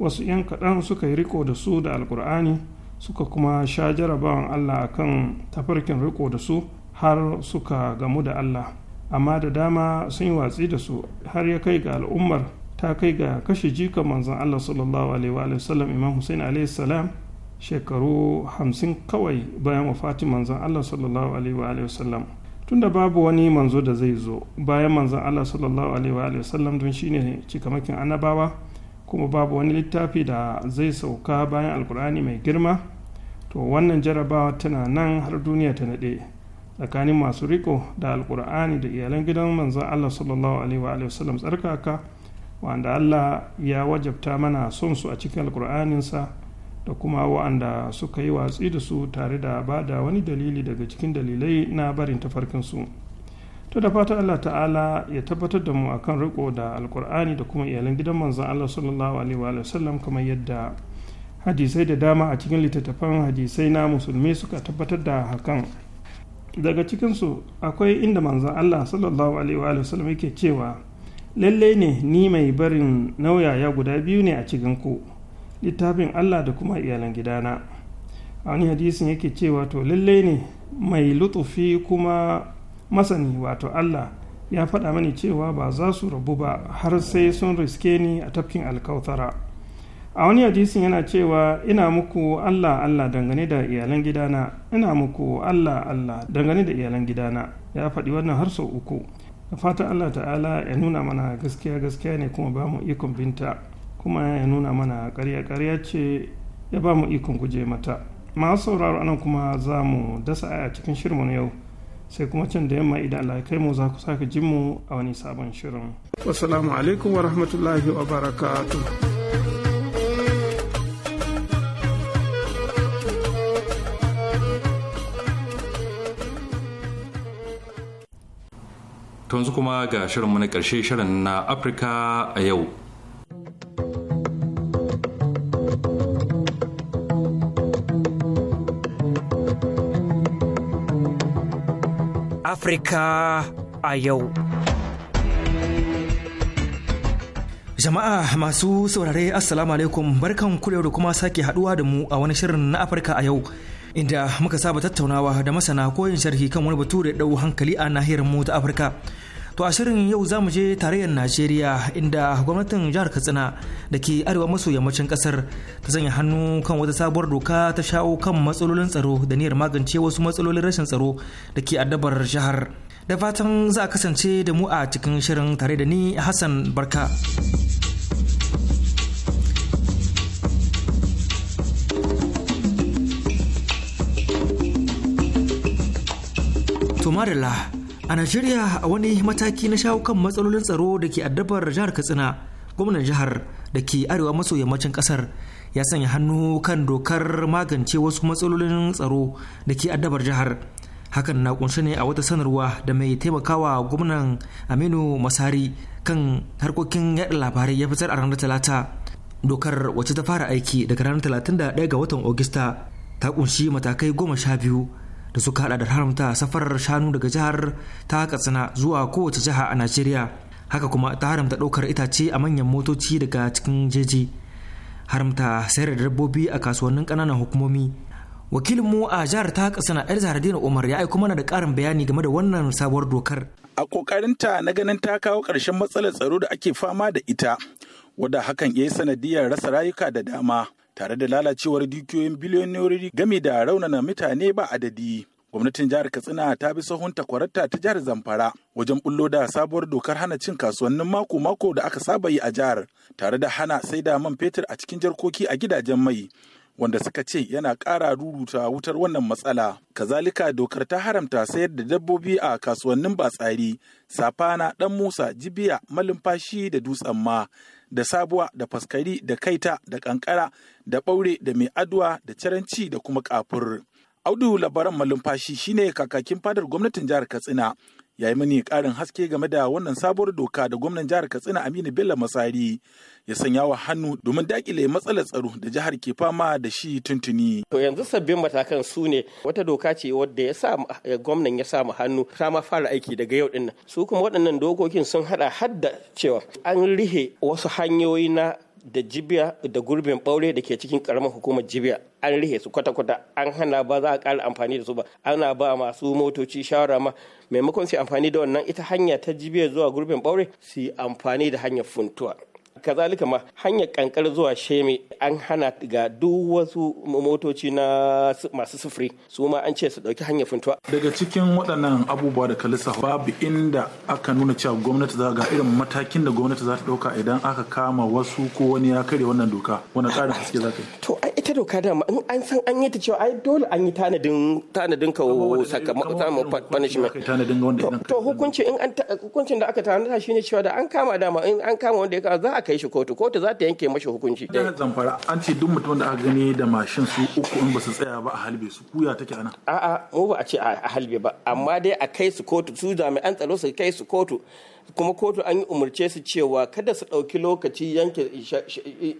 wasu 'yan kaɗan suka yi riko da su da alkur'ani suka kuma sha jarabawan allah a kan tafarkin riko da su har suka gamu da allah amma da dama sun yi watsi da su har ya kai ga al'ummar ta kai ga kashe jikan manzon allah sallallahu alaihi wa sallam imam hussein alaihi salam shekaru hamsin kawai bayan wafatin manzon allah sallallahu alaihi wa sallam tunda babu wani manzo da zai zo bayan manzon allah sallallahu alaihi wa sallam don shine cikamakin annabawa kuma babu wani littafi da zai sauka bayan alkur'ani mai girma to wannan jarabawa tana nan har duniya ta naɗe tsakanin masu riko da alkur'ani da iyalan gidan manzon allah sallallahu alaihi wa sallam tsarkaka wanda allah ya wajabta mana son su a cikin alkur'aninsa da kuma wa'anda suka yi watsi da su tare da ba da wani dalili daga cikin dalilai na barin tafarkinsu to da fatan Allah ta'ala ya tabbatar da mu akan riko da alkur'ani da kuma iyalan gidan manzan Allah sallallahu alaihi wa sallam kamar yadda hadisai da dama a cikin littattafan hadisai na musulmi suka tabbatar da hakan daga cikinsu akwai inda manzan Allah sallallahu alaihi wa sallam yake cewa lalle ne ni mai barin nauyaya guda biyu ne a cikin ku littafin Allah da kuma iyalan gidana a wani hadisin yake cewa to lalle ne mai lutufi kuma masani wato allah ya faɗa mani cewa ba za su rabu ba har sai sun riske ni a tafkin alkautara a wani hadisin yana cewa ina muku allah allah dangane da iyalan gidana ina muku allah allah dangane da iyalan gidana ya faɗi wannan har sau uku da fatan allah ta'ala ya nuna mana gaskiya gaskiya ne kuma ba mu ikon binta kuma ya nuna mana karya karya ce ya ba mu ikon guje mata masu sauraro anan kuma za mu dasa aya cikin shirmu na yau sai kuma can da yamma idan Allah ya kai mu za ku sake jin mu a wani sabon shirin assalamu alaikum wa rahmatullahi wa barakatuh yanzu kuma ga shirinmu na ƙarshe shirin na afirka a yau Afrika a yau. Jama'a masu saurare Assalamu alaikum barkan kurewa da kuma sake haɗuwa da mu a wani shirin na Afirka a yau. Inda muka saba tattaunawa da masana koyin sharhi kan wani batu da ɗau hankali a nahiyar mu ta Afirka. To a shirin yau za mu je tarayyar Najeriya inda gwamnatin jihar Katsina da ke arewa maso yammacin kasar ta sanya hannu kan wata sabuwar doka ta shawo kan matsalolin tsaro da niyyar magance wasu matsalolin rashin tsaro da ke addabar jihar. Da fatan za a kasance da mu a cikin shirin tare da ni Hassan Barka. To A Najeriya a wani mataki na shawo kan matsalolin tsaro da ke addabar jihar Katsina, gwamnan jihar da ke arewa maso yammacin kasar ya sanya hannu kan dokar magance wasu matsalolin tsaro da ke addabar jihar. Hakan na kunshi ne a wata sanarwa da mai taimakawa gwamnan Aminu Masari kan harkokin yaɗa labarai ya fitar a ranar Talata. Dokar wacce ta fara aiki daga ranar 31 ga watan Ogista ta kunshi matakai goma sha biyu da suka hada da haramta safarar shanu daga jihar ta katsina zuwa kowace jiha a najeriya haka kuma ta haramta ɗaukar itace a manyan motoci daga cikin jeji haramta sayar da dabbobi a kasuwannin ƙananan hukumomi wakilinmu a jihar ta katsina yar zahardina umar ya aiko mana da karin bayani game da wannan sabuwar dokar a kokarinta na ganin ta kawo karshen matsalar tsaro da ake fama da ita wadda hakan ya yi sanadiyar rasa rayuka da dama tare da lalacewar dukiyoyin biliyonori gami da raunana mutane ba adadi. Gwamnatin jihar Katsina ta bi sahun takwararta ta jihar Zamfara wajen bullo da sabuwar dokar hana cin kasuwannin mako-mako da aka saba yi a jihar, tare da hana sai da man fetur a cikin jarkoki a gidajen mai. wanda suka ce yana ƙara ruruta wutar wannan matsala. Kazalika dokar ta haramta sayar da dabbobi a kasuwannin batsari, safana, ɗan Musa, jibiya, malumfashi da dutsen ma, da sabuwa da faskari da kaita da kankara da ɓaure da mai aduwa da caranci da kuma kafur audu labaran malumfashi shine kakakin fadar gwamnatin jihar katsina ya yi mani karin haske game da wannan sabuwar doka da gwamnan jihar katsina aminu bello masari ya sanya wa hannu domin dakile matsalar tsaro da jihar ke fama da shi tuntuni. to yanzu sabbin matakan su ne wata doka ce wadda ya sa gwamnan ya samu hannu ta ma fara aiki daga yau dinnan su kuma waɗannan dokokin sun hada hadda cewa an rihe wasu hanyoyi na da jibiya da gurbin ɓaure da ke cikin karamar hukumar jibiya an rihe su kwata-kwata an hana ba za a ƙara amfani da su ba ana ba masu motoci shawara ma maimakon su amfani da wannan ita hanya ta jibiya zuwa gurbin ɓaure su amfani da hanyar funtuwa kazalika ma hanyar kankar zuwa sheme an hana ga duk wasu motoci na masu sufuri su ma an ce su dauki hanyar funtuwa daga cikin waɗannan abubuwa da kalisa babu inda aka nuna cewa gwamnati za ga irin matakin da gwamnati za ta dauka idan aka kama wasu ko wani ya karya wannan doka wani ƙarin haske za ka yi to ita doka dama ma an san an yi ta cewa ai dole an yi tanadin tanadin ka sakamakon punishment to hukunci in an hukuncin da aka tanada shine cewa da an kama dama in an kama wanda ya kama za a kai shi kotu kotu za ta yanke mashi hukunci da zamfara an ce duk mutum da aka gani da mashin su uku in ba su tsaya ba a halbe su kuya take anan a'a mu ba a ce a halbe ba amma dai a kai su kotu su jami'an tsaro su kai su kotu kuma kotu an yi umarce su cewa kada su ɗauki lokaci yanke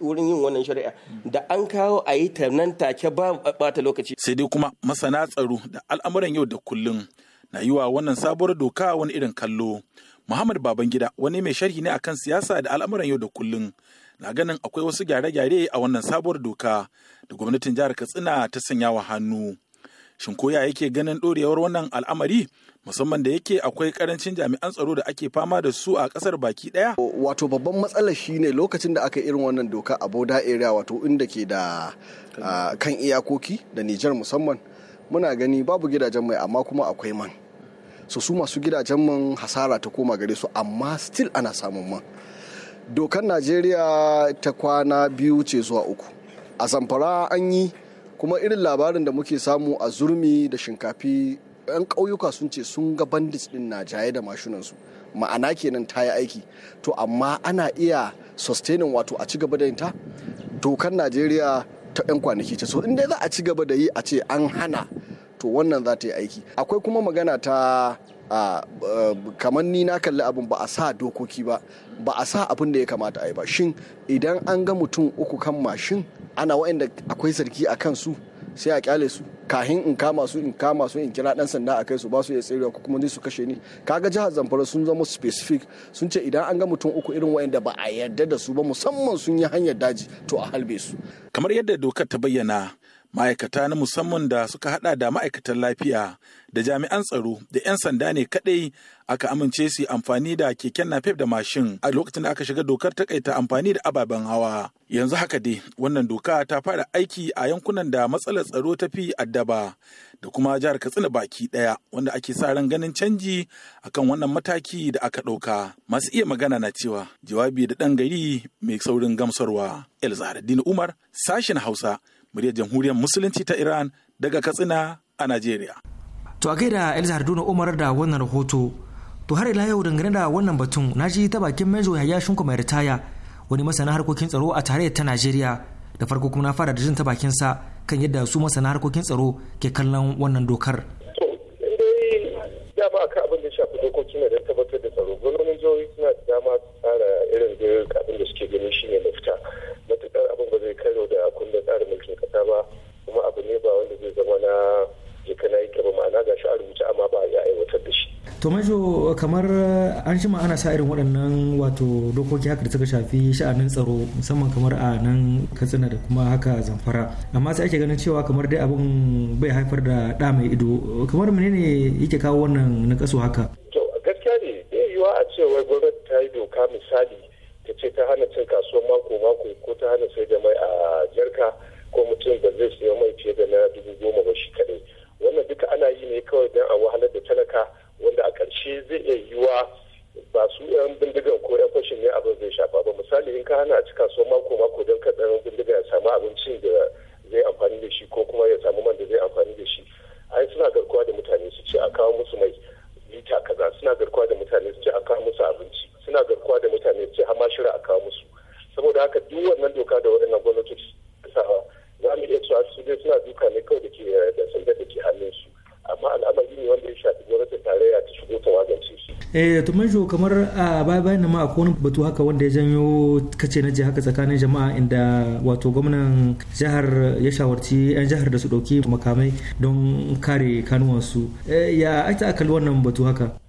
wurin yin wannan shari'a da an kawo a yi ta nan take ba bata lokaci sai dai kuma masana tsaro da al'amuran yau da kullum na yi wa wannan sabuwar doka wani irin kallo Muhammad Babangida wani mai sharhi ne akan siyasa da al'amuran yau da kullun na ganin akwai wasu gyare-gyare a wannan sabuwar doka da gwamnatin jihar Katsina ta sanya wa hannu. Shin koya yake ganin dorewar wannan al'amari musamman da yake akwai karancin jami'an tsaro da ake fama da su a kasar baki ɗaya. Wato babban matsalar shi ne lokacin da aka yi irin wannan doka a Boda area wato inda ke da kan ah, iyakoki da Nijar musamman muna gani babu gidajen mai amma kuma akwai man. su su masu gidajen man hasara ta koma gare su amma still ana samun man dokar najeriya ta kwana biyu ce zuwa uku a zamfara an yi kuma irin labarin da muke samu a zurmi da shinkafi 'yan ƙauyuka sun ce sun ga bandits din na jaye da mashinansu ma'ana kenan ta yi aiki to amma ana iya sustaining wato a ci gaba da ta dokan najeriya ta 'yan kwanaki ce so in dai za a ci gaba da yi a ce an hana to wannan za ta yi aiki akwai kuma magana ta Uh, uh, kamar ni na kalli abin ba a sa dokoki ba ba a sa abin da ya kamata a yi ba shin idan an ga mutum uku kan mashin ana waɗanda akwai sarki a su sai a kyale su kahin in kama su in kama su in kira dan sanda a kai su ba su ya tsere ko kuma su kashe ni kaga jihar zamfara sun zama specific sun ce idan an ga mutum uku irin waɗanda ba a yarda da su ba musamman sun yi hanyar daji to a halbe su kamar yadda dokar ta bayyana ma'aikata na musamman da suka hada da ma'aikatan lafiya da jami'an tsaro da 'yan sanda ne kadai aka amince su amfani da keken nafef da mashin a lokacin da aka shiga dokar takaita amfani da ababen hawa yanzu haka dai wannan doka ta fara aiki a yankunan da matsalar tsaro ta fi addaba da kuma jihar katsina baki daya wanda ake sa ran ganin canji akan wannan mataki da aka ɗauka masu iya magana na cewa jawabi da ɗan gari mai saurin gamsarwa el umar sashen hausa muryar jamhuriyar musulunci ta Iran daga Katsina a Najeriya. To a gaida elisa Harduna Umar da wannan rahoto. To har ila yau dangane da wannan batun na ji ta bakin major Yahya Shunko mai ritaya wani masana harkokin tsaro a tarayyar ta Najeriya da farko kuma na fara da jin ta bakin sa kan yadda su masana harkokin tsaro ke kallon wannan dokar. To dai ba ka abin da shafi dokoki na da tabbatar da tsaro gwamnatin jihohi suna da dama tsara irin da na jikana yake ba ma'ana ga shi a rubuce amma ba ya aiwatar da shi. to majo kamar eh, an shi ana sa irin waɗannan wato dokoki haka da suka shafi sha'anin tsaro musamman kamar a nan katsina da kuma haka zamfara amma sai ake ganin cewa kamar dai abin bai haifar da ɗa mai ido kamar menene yake kawo wannan na kaso haka. to gaskiya ne zai yiwa a ce wai gwamnati ta yi doka misali ta ce ta hana cin kasuwar mako mako ko ta hana sai da mai a jarka ko mutum ba zai siya mai fiye da na dubu goma ba shi kadai wannan duka ana yi ne kawai don a wahalar da talaka wanda a ƙarshe zai iya yiwa ba su yan bindigan ko yan fashin ne abin zai shafa ba misali in ka hana a ci so mako mako don ɗan bindiga ya samu abincin da zai amfani da shi ko kuma ya samu man da zai amfani da shi ai suna garkuwa da mutane su ce a kawo musu mai lita kaza suna garkuwa da mutane su ce a kawo musu abinci suna garkuwa da mutane su ce har mashira a kawo musu saboda haka duk wannan doka da eh to manjo kamar a baya bayan ma akwai wani batu haka wanda ya janyo kace na ji haka tsakanin jama'a inda wato gwamnan jihar ya shawarci yan jihar da su dauki makamai don kare kanuwansu eh, ya aita akali wannan batu haka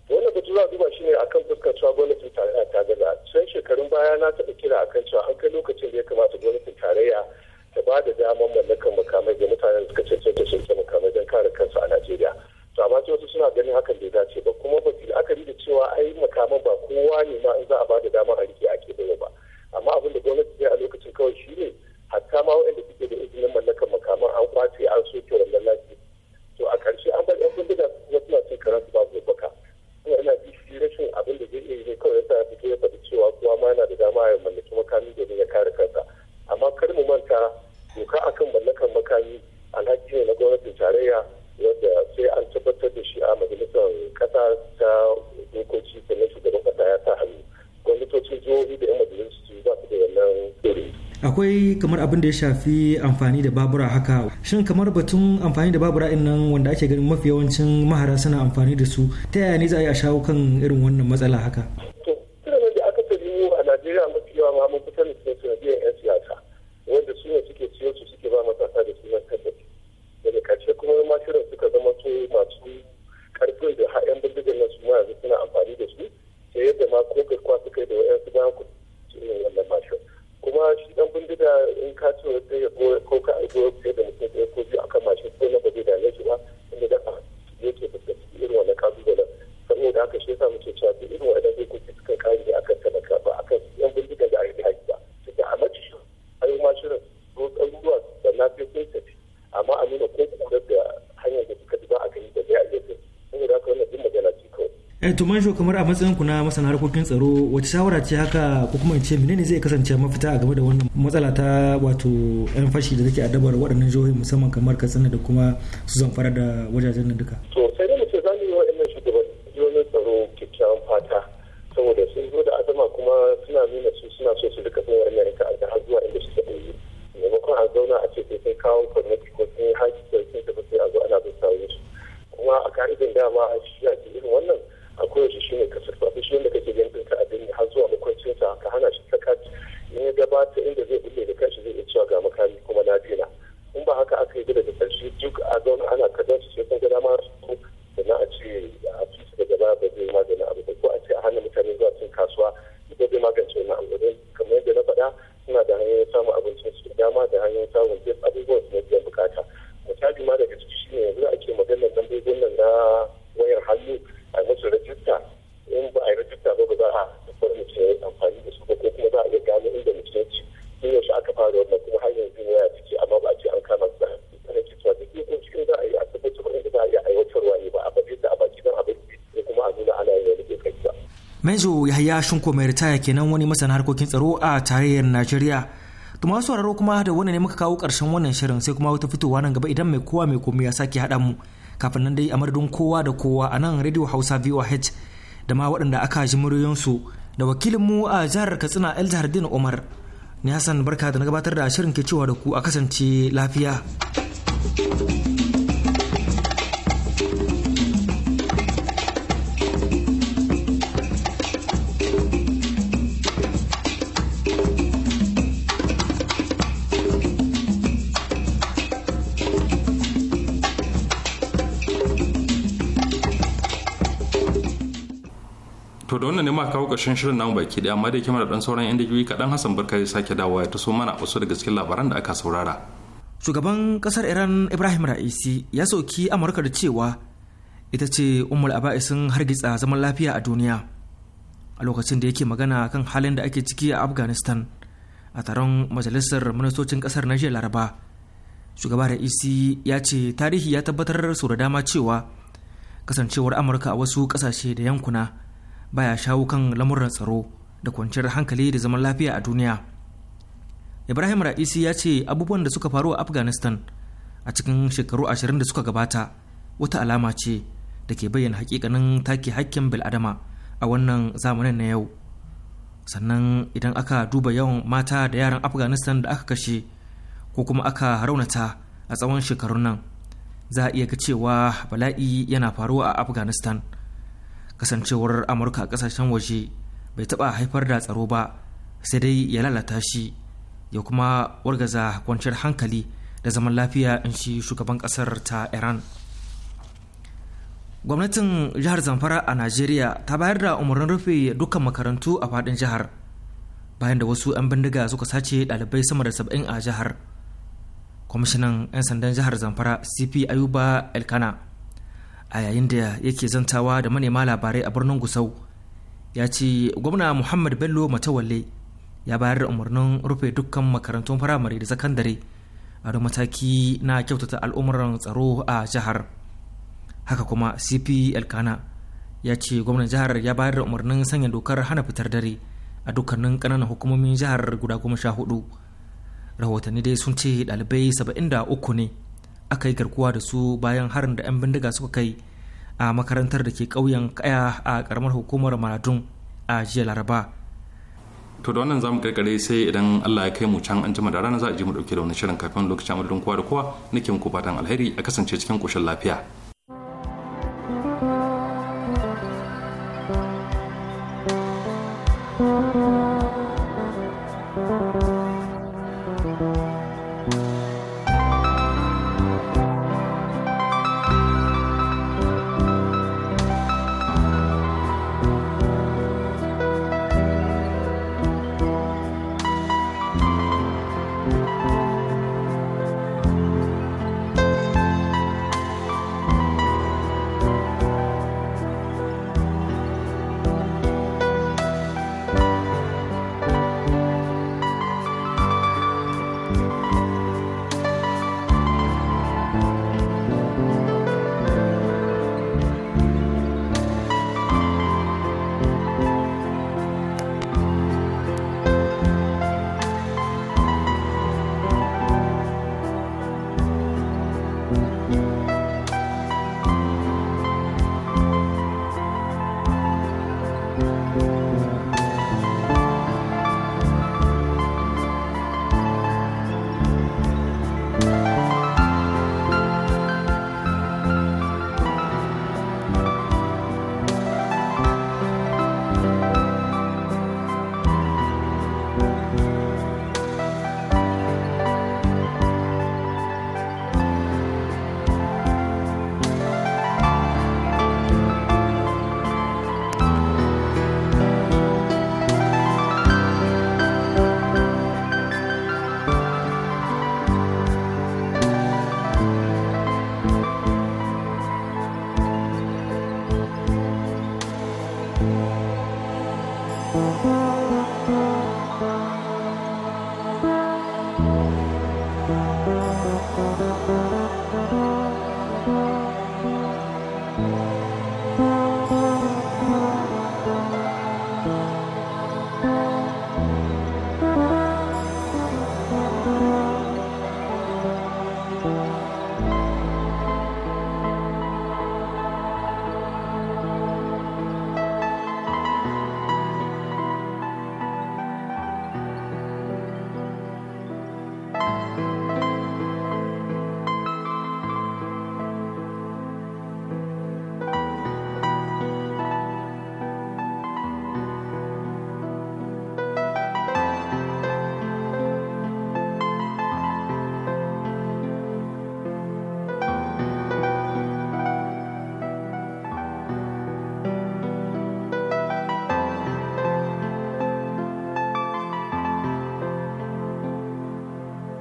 kamar abin da ya shafi amfani da babura haka shin kamar batun amfani da babura in nan wanda ake ganin mafi yawancin mahara suna amfani da su ta yaya ne za a yi a shawo kan irin wannan matsala haka ka ce wata ya bore coca ka aiko sai da Eh, to manjo kamar a matsayin ku na masana harkokin tsaro wace shawara ce haka ko kuma ce menene zai kasance mafita a game da wannan matsala ta wato yan fashi da take addabar waɗannan jihohi musamman kamar Katsina da kuma su zamfara da wajajen nan duka. ya shinko mai ritaya kenan wani masana harkokin tsaro a tarayyar najeriya to masu sauraro kuma da wannan ne muka kawo karshen wannan shirin sai kuma wata fitowa nan gaba idan mai kowa mai komai ya sake haɗa mu kafin nan dai a madadin kowa da kowa a nan radio hausa voh da ma waɗanda aka ji muryoyinsu da wakilin mu a jihar katsina Jardin umar ni hassan barka da na gabatar da shirin ke cewa da ku a kasance lafiya thank you da wannan ne ma kawo ƙarshen shirin namu baki daya amma dai kimar dan sauran yan dajiyoyi kaɗan Hassan Barka ya sake dawowa ya taso mana wasu daga cikin labaran da aka saurara. Shugaban kasar Iran Ibrahim Ra'isi ya soki Amurka da cewa ita ce umar sun hargitsa zaman lafiya a duniya a lokacin da yake magana kan halin da ake ciki a afghanistan a taron majalisar ministocin kasar na laraba shugaba ra'isi ya ce tarihi ya tabbatar da dama cewa kasancewar amurka a wasu kasashe da yankuna baya shawo kan lamuran tsaro da kwanciyar hankali da zaman lafiya a duniya ibrahim ra'isi ya ce abubuwan da suka faru a afghanistan a cikin shekaru ashirin da suka gabata wata alama ce da ke bayyana hakikanin take hakkin bil'adama a wannan zamanin na yau sannan idan aka duba yawan mata da yaran afghanistan da aka kashe ko kuma aka raunata a tsawon shekarun nan za a iya ga cewa bala'i yana faruwa a afghanistan kasancewar amurka a kasashen waje bai taɓa haifar da tsaro ba sai dai ya lalata shi ya kuma wargaza kwanciyar hankali da zaman lafiya in shi shugaban ƙasar ta iran gwamnatin jihar zamfara a najeriya ta bayar da umarnin rufe dukkan makarantu a fadin jihar bayan da wasu 'yan bindiga suka sace dalibai sama da saba'in a jihar kwamishinan 'yan sandan jihar zamfara cp ayuba elkana a yayin da yake zantawa da manema labarai a birnin gusau ya ce gwamna muhammad bello matawalle ya bayar da umarnin rufe dukkan makarantun firamare da sakandare a da mataki na kyautata al'umuran tsaro a jihar haka kuma cp elkana ya ce gwamnan jihar ya bayar da umarnin sanya dokar hana fitar dare a dukkanin kananan hukumomin jihar guda goma sha hudu rahotanni dai sun ce ɗalibai saba'in da uku ne aka yi garkuwa da su bayan harin da 'yan bindiga suka kai a makarantar da ke ƙauyen kaya a karamar hukumar maradun a jiya laraba to da wannan zamu karkare sai idan Allah ya kai mu can an jima da rana za a ji mu dauke da wani shirin kafin lokacin amurdin kowa da kowa nake muku fatan alheri a kasance cikin koshin lafiya